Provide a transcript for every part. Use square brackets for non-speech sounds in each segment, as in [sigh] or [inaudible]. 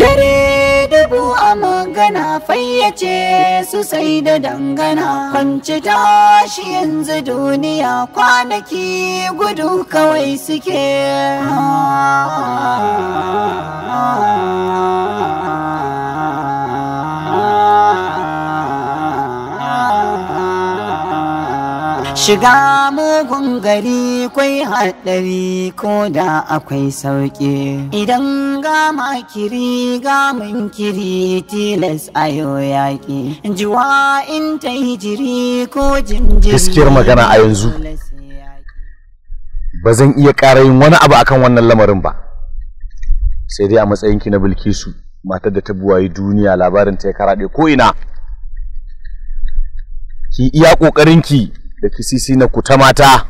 Dare dubu a magana fayyace su sai da dangana. Kwanci tashi yanzu duniya kwanaki gudu kawai suke. Shiga mugun gari kwai haɗari ko da akwai sauƙi. Idan ga makiri ga kiri tilas ayo yaki. Jiwa in ta hijiri ko jinjiri. iskiyar magana a yanzu. Ba zan iya ƙara yin wani abu akan wannan lamarin ba. Sai dai a matsayin ki na Bilkisu, matar da ta buwayi duniya labarin ta ya karaɗe ko ina. Ki iya ƙoƙarinki da kisisi na kuta mata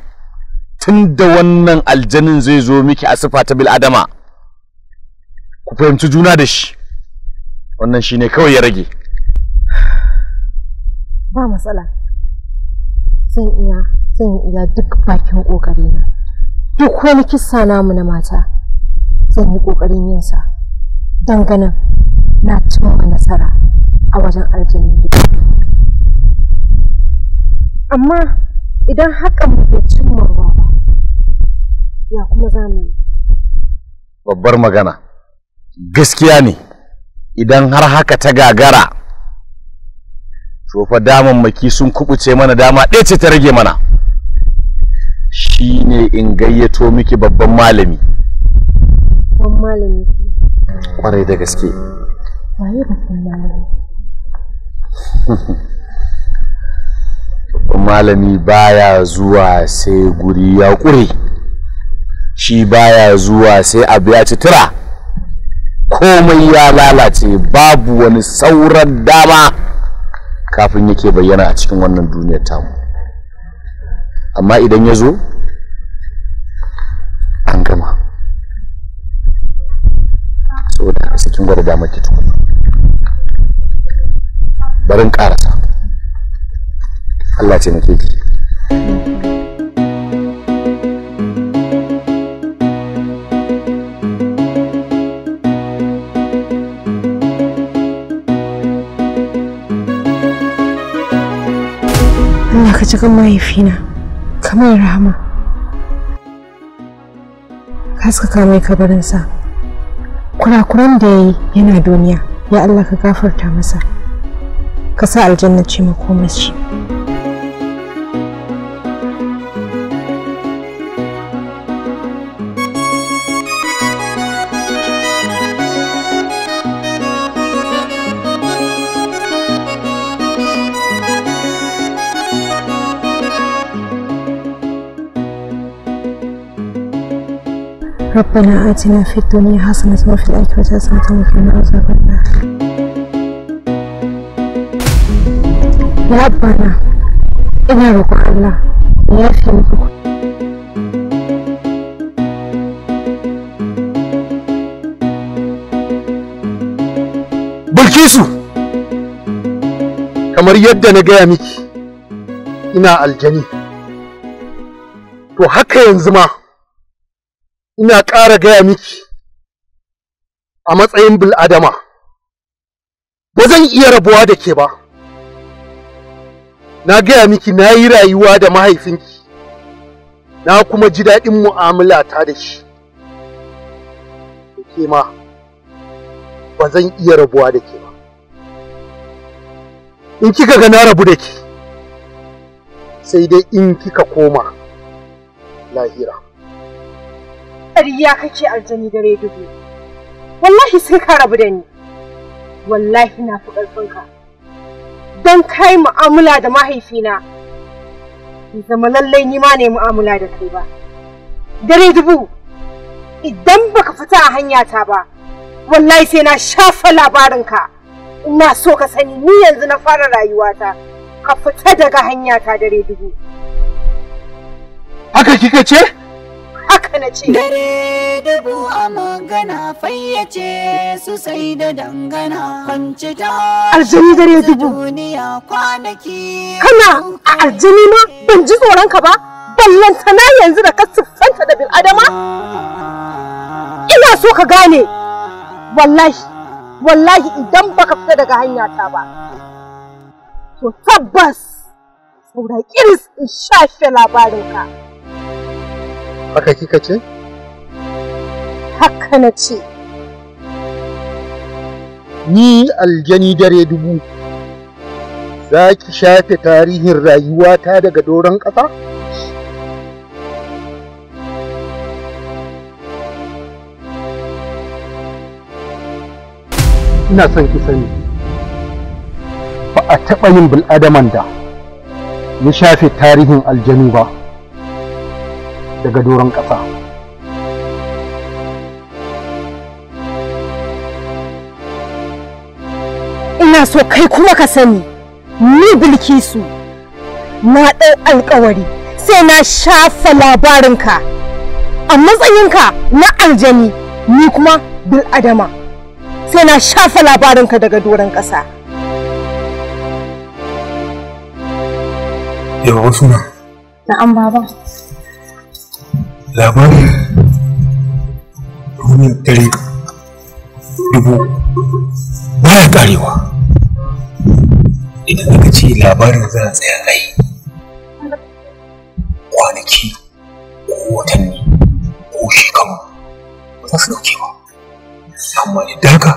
tun da wannan aljanin zai zo miki a sifa ta bil'adama ku fahimci juna da shi wannan shi ne kawai ya rage ba matsala zan iya zan iya duk bakin kokari na duk wani kisa namu na mata zan yi ƙoƙarin yin sa don ganin na cimma nasara a wajen aljanin amma idan haka muke cimma ruwa ba ya kuma za babbar magana gaskiya ne idan har haka ta gagara to fa maki sun kubuce mana dama ɗaya ce ta rage mana shi ne in gayyato miki babban malami babban malami kwarai da gaske waye babban malami [laughs] malami baya zuwa sai guri ya ƙure shi baya zuwa sai abu ya ci tura komai ya lalace babu wani sauran dama kafin yake bayyana a cikin wannan duniyar tamu amma idan ya zo an gama saboda cikin gwada damar ke tukuna barin ƙarasa Allah ce taimake ki Allah ka cikin mahaifina kamar rahama haskaka mai kabarinsa kurakuran da ya yi yana duniya ya Allah ka gafarta masa ka sa aljanna ce makomashi. ربنا آتنا في الدنيا حسنة وفي الآخرة حسنة وقنا عذاب النار ربنا إنا ركوع الله يا في الركوع بلكيسو kamar yadda na gaya miki ina aljani to haka yanzu ma ina ƙara gaya miki a matsayin bil'adama ba zan iya rabuwa da ke ba na gaya miki na yi rayuwa da mahaifinki na kuma ji daɗin mu'amala ta da shi ke ma ba zan iya rabuwa da ke ba in kika ga na rabu da ke sai dai in kika koma lahira. ƙarya kace aljani dare dubu wallahi sai ka rabu da ni wallahi na fi ƙarfinka don kai mu'amala da mahaifina zama lallai ni ma ne mu'amala da kai ba dare dubu idan baka fita a hanyata ba wallahi sai na shafa labarinka ina so ka sani ni yanzu na fara rayuwata ka fita daga hanyata dare dubu haka kika ce? na ce. Dare dubu a magana fayyace su sai da dangana kwanci ta. Aljani dare dubu. Duniya kwanaki. Kana a aljani ma ban ji tsoron ka ba. Ballantana yanzu da ka siffanta da bil'adama. Ina so ka gane. Wallahi, wallahi idan baka fita daga hanya ta ba. To tabbas. Saura iris in shafe labarinka. haka kika ce? haka na ce ni aljani dare dubu za ki shafe tarihin rayuwata daga doron ƙasa? ina son ki sani ba a taɓa yin bil'adaman da ya shafe tarihin aljanu ba daga doron ƙasa. Ina so kai kuma ka sani, ni Bilkisu, na ɗau alkawari sai na shafa labarinka a matsayinka na aljani ni kuma bil'adama sai na shafa labarinka daga doron ƙasa. Yawon suna. Na'am baba. labarin rumin dare dubu baya ƙarewa, idan aka ce labarin za a tsaya kai kwanaki ko watanni ko shekaru ba za su dauke ba amma idan haka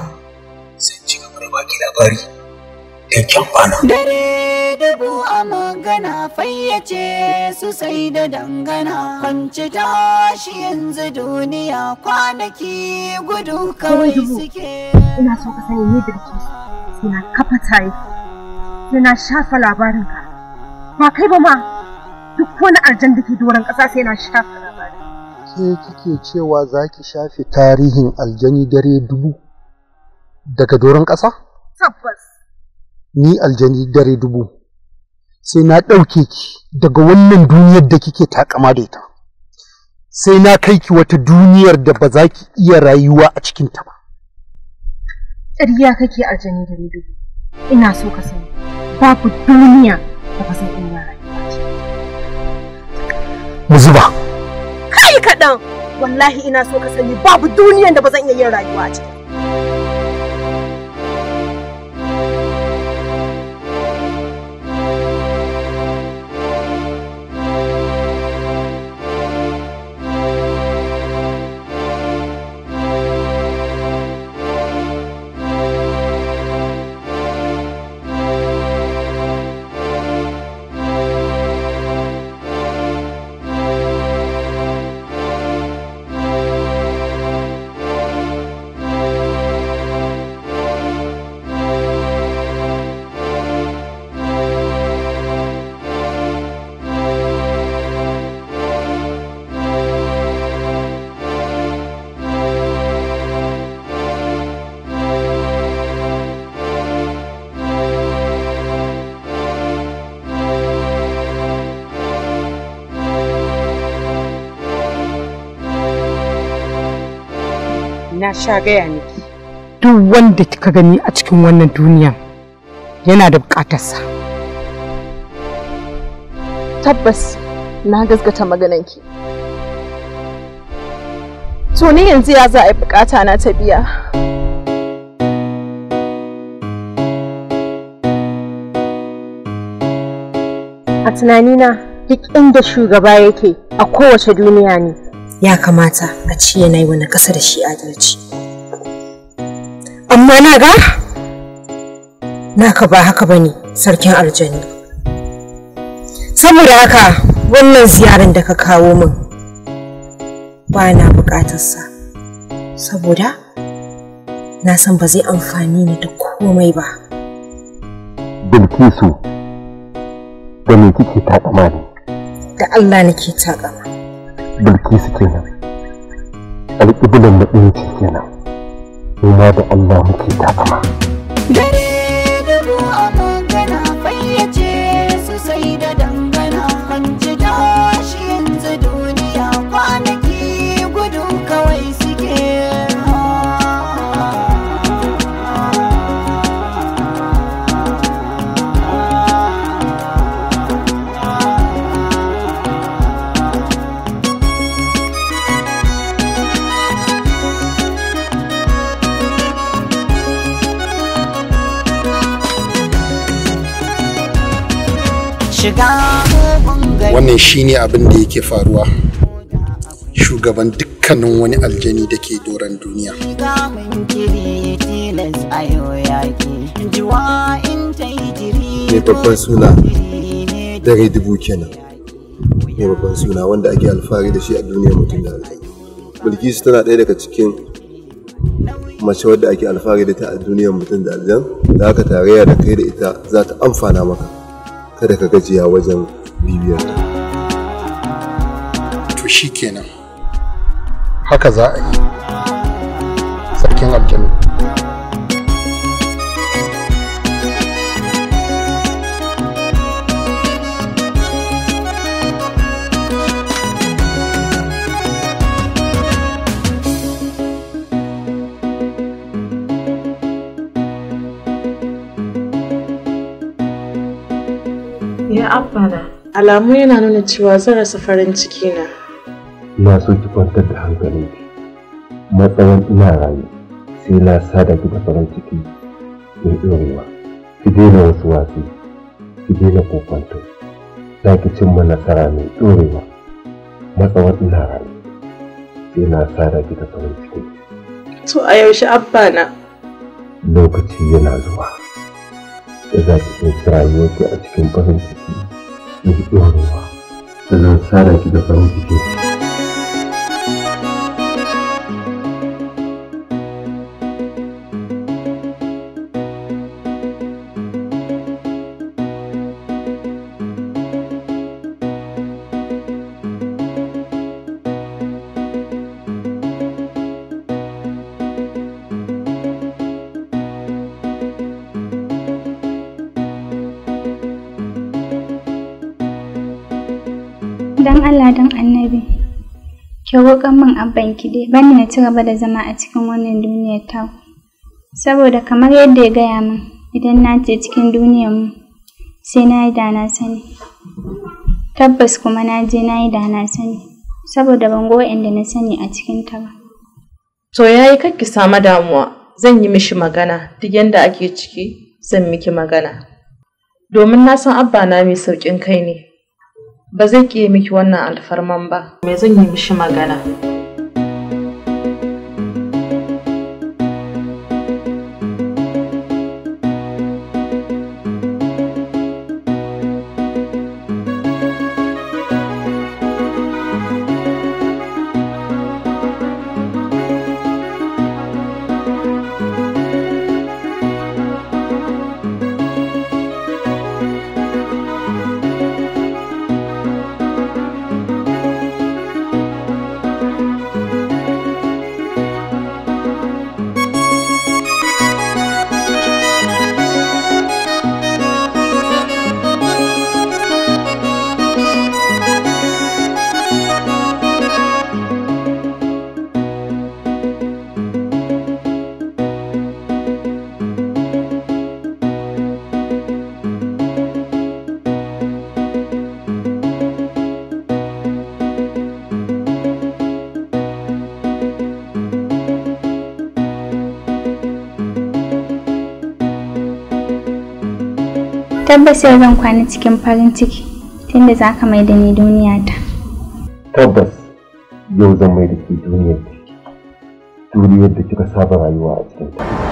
sai ci gaba da baki labari don kyan dubu a magana fayyace su sai da dangana kwanci tashi yanzu duniya kwanaki gudu kawai suke ina so ka sani ni ke, ina kafa tayi ina shafa labarin ka ba kai ba ma duk wani aljan da ke doron ƙasa sai na shafa labarin ke kike cewa za ki shafe tarihin aljani dare dubu daga doron ƙasa? Tabbas. Ni aljani dare dubu sai na ɗauke ki daga wannan duniyar da kike takama da ita sai na kai ki wata duniyar da ba za ki iya rayuwa a cikinta ba ƙarya kake a jani da rido ina so ka sani babu duniya da ba zan iya rayuwa ce mu zuba kai kaɗan wallahi ina so ka sani babu duniyar da ba zan iya yin rayuwa ce na sha gaya miki duk wanda kika gani a cikin wannan duniya yana da bukatarsa tabbas na gaskata ki. to ni yanzu ya za a yi bukata na ta biya a tunanina duk inda shugaba yake a kowace duniya ne ya kamata a ci yana yi wani ƙasa da shi adalci amma na ga naka ba haka bane sarkin Aljani. saboda haka wannan ziyarar da ka kawo min ba na bukatarsa saboda na san ba zai amfani ni da komai ba bilkisu da me kike takama ne da Allah nake takama. bilkisu kenan alƙiblan da ɗinci ce kenan ina da Allah muke takama. wannan shine abin da yake faruwa shugaban dukkanin wani aljani da ke doron duniya mai babban suna dare dubu kenan mai babban suna wanda ake alfahari da shi a duniyar mutum da aljani bilkisu tana ɗaya daga cikin mace wadda ake alfahari da ta a duniyar mutum da aljan da haka tarayya da kai da ita za ta amfana maka kada ka gajiya wajen bibiyar ta to shikenan haka za a yi sarkin aljanu fara. Alamu yana nuna cewa zan rasa farin ciki na. Ina so ki kwantar da hankali. Matsayin ina rayu sai na da ki da farin ciki mai ɗorewa. Ki daina wasu wasu, ki daina kokwanto. Za ki cimma nasara mai ɗorewa. Matsayin ina rayu sai na da ki da farin ciki. To a yaushe abba na. Lokaci yana zuwa. Da za ki ɗauki rayuwarki a cikin farin ciki. na fitowar ruwa sannan sara ki da farin cikin ki roƙon min abbanki dai ban na ci gaba da zama a cikin wannan duniyar ta saboda kamar yadda ya gaya min idan na ce cikin duniyar mu sai na yi da na sani tabbas kuma na je na yi da na sani saboda ban go inda na sani a cikin ta ba to yayi kar ki samu damuwa zan yi mishi magana duk yanda ake ciki zan miki magana domin na san abba na mai sauƙin kai ne ba zai ƙi miki wannan alfarman ba. Me zan yi mishi magana? tabbas yau zan kwana cikin farin ciki tunda za ka maida da ni duniya ta tabbas yau zan mai da ke duniyar duniyar da kika saba rayuwa a cikin ta